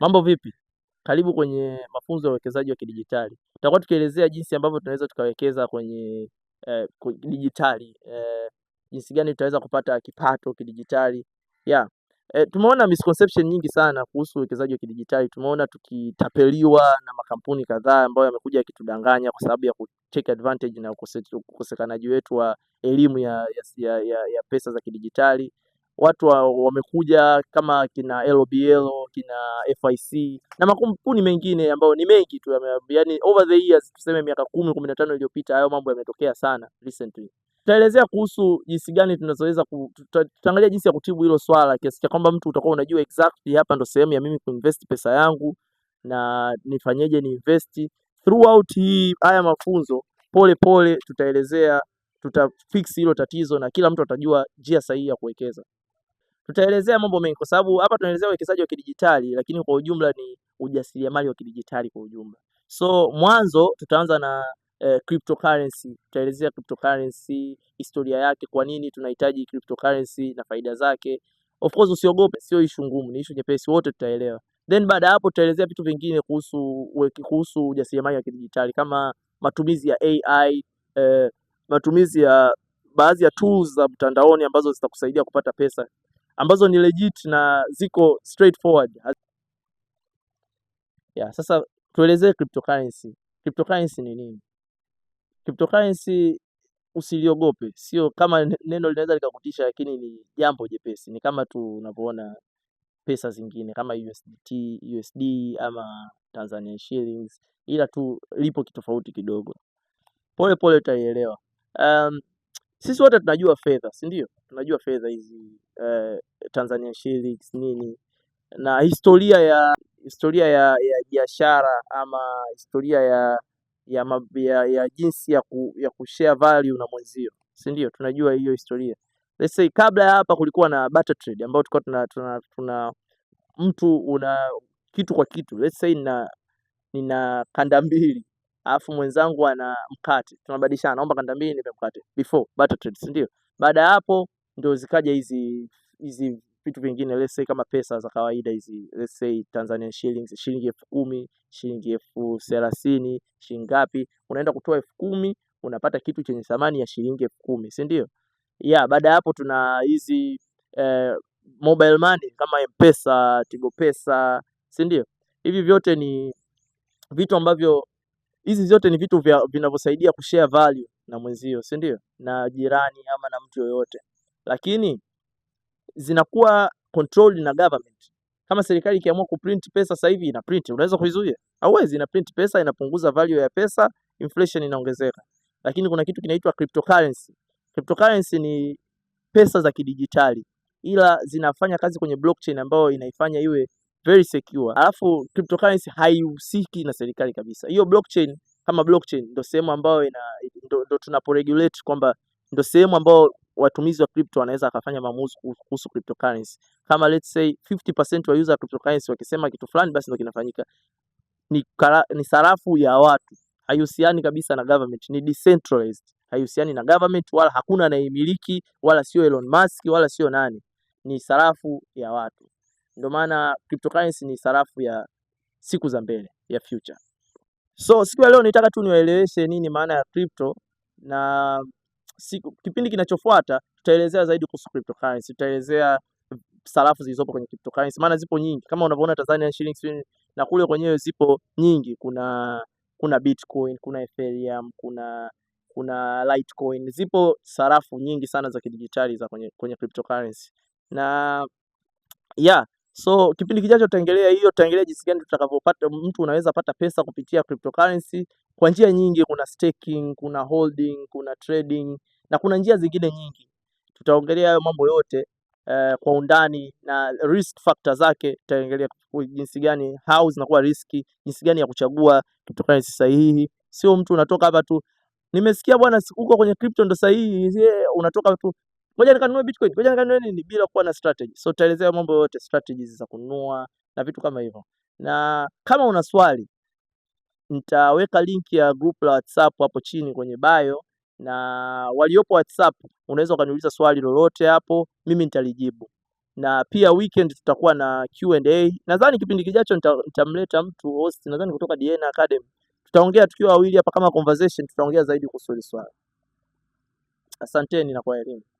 Mambo vipi? Karibu kwenye mafunzo ya uwekezaji wa kidijitali. Tutakuwa tukielezea jinsi ambavyo tunaweza tukawekeza kwenye eh, dijitali eh, jinsi gani tutaweza kupata kipato kidijitali. Yeah. Eh, tumeona misconception nyingi sana kuhusu uwekezaji wa kidijitali. Tumeona tukitapeliwa na makampuni kadhaa ambayo yamekuja yakitudanganya kwa sababu ya ku take advantage na ukosekanaji wetu wa elimu ya, ya, ya, ya pesa za kidijitali watu wamekuja kama kina LBL, kina FIC na makampuni mengine ambayo ni mengi tu, yani over the years tuseme miaka kumi kumi na tano iliyopita hayo mambo yametokea sana recently. Tutaelezea kuhusu jinsi gani tunazoweza tutaangalia jinsi ya kutibu hilo swala kiasi cha kwamba mtu utakuwa unajua exactly hapa ndo sehemu ya mimi kuinvest pesa yangu na nifanyeje ni invest throughout hii haya mafunzo. Pole pole tutaelezea tutafix hilo tatizo na kila mtu atajua njia sahihi ya kuwekeza. Tutaelezea mambo mengi kwa sababu hapa tunaelezea uwekezaji wa kidijitali, lakini kwa ujumla ni ujasiriamali wa kidijitali kwa ujumla. So mwanzo tutaanza na eh, cryptocurrency. Tutaelezea cryptocurrency, historia yake, kwa nini tunahitaji cryptocurrency na faida zake. Of course usiogope, sio ishu ngumu, ni ishu nyepesi, wote tutaelewa. Then baada ya hapo tutaelezea vitu vingine kuhusu kuhusu ujasiriamali wa kidijitali kama matumizi ya AI, eh, matumizi ya baadhi ya tools za mtandaoni ambazo zitakusaidia kupata pesa ambazo ni legit na ziko straightforward. Yeah, sasa tuelezee cryptocurrency. Cryptocurrency ni nini? Cryptocurrency usiliogope, sio kama neno linaweza likakutisha, lakini ni jambo jepesi, ni kama tu unavyoona pesa zingine kama USDT, USD ama Tanzanian shillings, ila tu lipo kitofauti kidogo. Pole pole utaielewa. Um, sisi wote tunajua fedha, si ndio? Tunajua fedha hizi eh, Tanzania shillings nini na historia ya historia ya biashara ama historia ya ya, ya, ya jinsi ya, ku, ya kushare value na mwenzio, si ndio? Tunajua hiyo historia. Let's say kabla ya hapa kulikuwa na barter trade ambao tulikuwa tuna, tuna, tuna mtu una kitu kwa kitu. Let's say nina, nina kanda mbili alafu mwenzangu ana mkate, tunabadilishana, naomba kanda mbili nipe mkate, before barter trade, si ndio? Baada ya hapo ndio zikaja hizi hizi vitu vingine let's say kama pesa za kawaida hizi let's say Tanzanian shillings, shilingi elfu kumi, shilingi elfu thelathini, shilingi ngapi? Unaenda kutoa elfu kumi unapata kitu chenye thamani ya shilingi elfu kumi, si ndio? Yeah, baada ya hapo tuna hizi eh, mobile money kama mpesa Tigo Pesa, si ndio? Hivi vyote ni vitu ambavyo hizi zote ni vitu vinavyosaidia kushare value na mwenzio, si ndio? Na jirani ama na mtu yoyote lakini zinakuwa controlled na government. Kama serikali ikiamua kuprint pesa sasa hivi ina print, unaweza kuizuia? Hauwezi. Ina print pesa, inapunguza value ya pesa, inflation inaongezeka. Lakini kuna kitu kinaitwa cryptocurrency. Cryptocurrency ni pesa za kidijitali, ila zinafanya kazi kwenye blockchain ambayo inaifanya iwe very secure. Alafu cryptocurrency haihusiki na serikali kabisa. Hiyo blockchain kama blockchain ndio sehemu ambayo ina, ndo, ndo tunaporegulate kwamba ndo sehemu ambayo watumizi wa crypto wanaweza wakafanya maamuzi kuhusu cryptocurrency. Kama let's say 50% wa user cryptocurrency wakisema kitu fulani, basi ndio kinafanyika. Ni, kara, ni sarafu ya watu, haihusiani kabisa na government, ni decentralized, haihusiani na government wala hakuna anayemiliki wala sio Elon Musk wala sio nani, ni sarafu ya watu. Ndio maana cryptocurrency ni sarafu ya siku za mbele ya future. So siku ya leo nitaka tu niwaeleweshe nini maana ya crypto na siku, kipindi kinachofuata tutaelezea zaidi kuhusu cryptocurrency, tutaelezea sarafu zilizopo kwenye cryptocurrency, maana zipo nyingi kama unavyoona Tanzania shillings na kule kwenyewe zipo nyingi, kuna kuna Bitcoin, kuna Ethereum, kuna kuna Litecoin, zipo sarafu nyingi sana za kidijitali za kwenye, kwenye cryptocurrency na yeah So kipindi kijacho tutaangalia hiyo, tutaangalia jinsi gani tutakavyopata, mtu unaweza pata pesa kupitia cryptocurrency kwa njia nyingi. Kuna staking, kuna holding, kuna trading na kuna njia zingine nyingi. Tutaongelea hayo mambo yote uh, kwa undani na risk factor zake. Tutaangalia jinsi gani how zinakuwa riski, jinsi gani ya kuchagua cryptocurrency sahihi. Sio mtu unatoka hapa tu, nimesikia bwana huko kwenye crypto ndo sahihi, unatoka tu ngoja nikanunue bitcoin, ngoja nikanunue nini, bila kuwa na strategy. So tutaelezea mambo yote, strategies za kununua na vitu kama hivyo, na kama una swali nitaweka link ya group la WhatsApp hapo chini kwenye bio, na waliopo WhatsApp unaweza ukaniuliza swali lolote hapo, mimi nitalijibu. Na pia weekend tutakuwa na Q&A. Nadhani kipindi kijacho nitamleta mtu host, nadhani kutoka DNA Academy, tutaongea tukiwa wawili hapa kama conversation, tutaongea zaidi kuhusu swali. Asanteni na kwa elimu.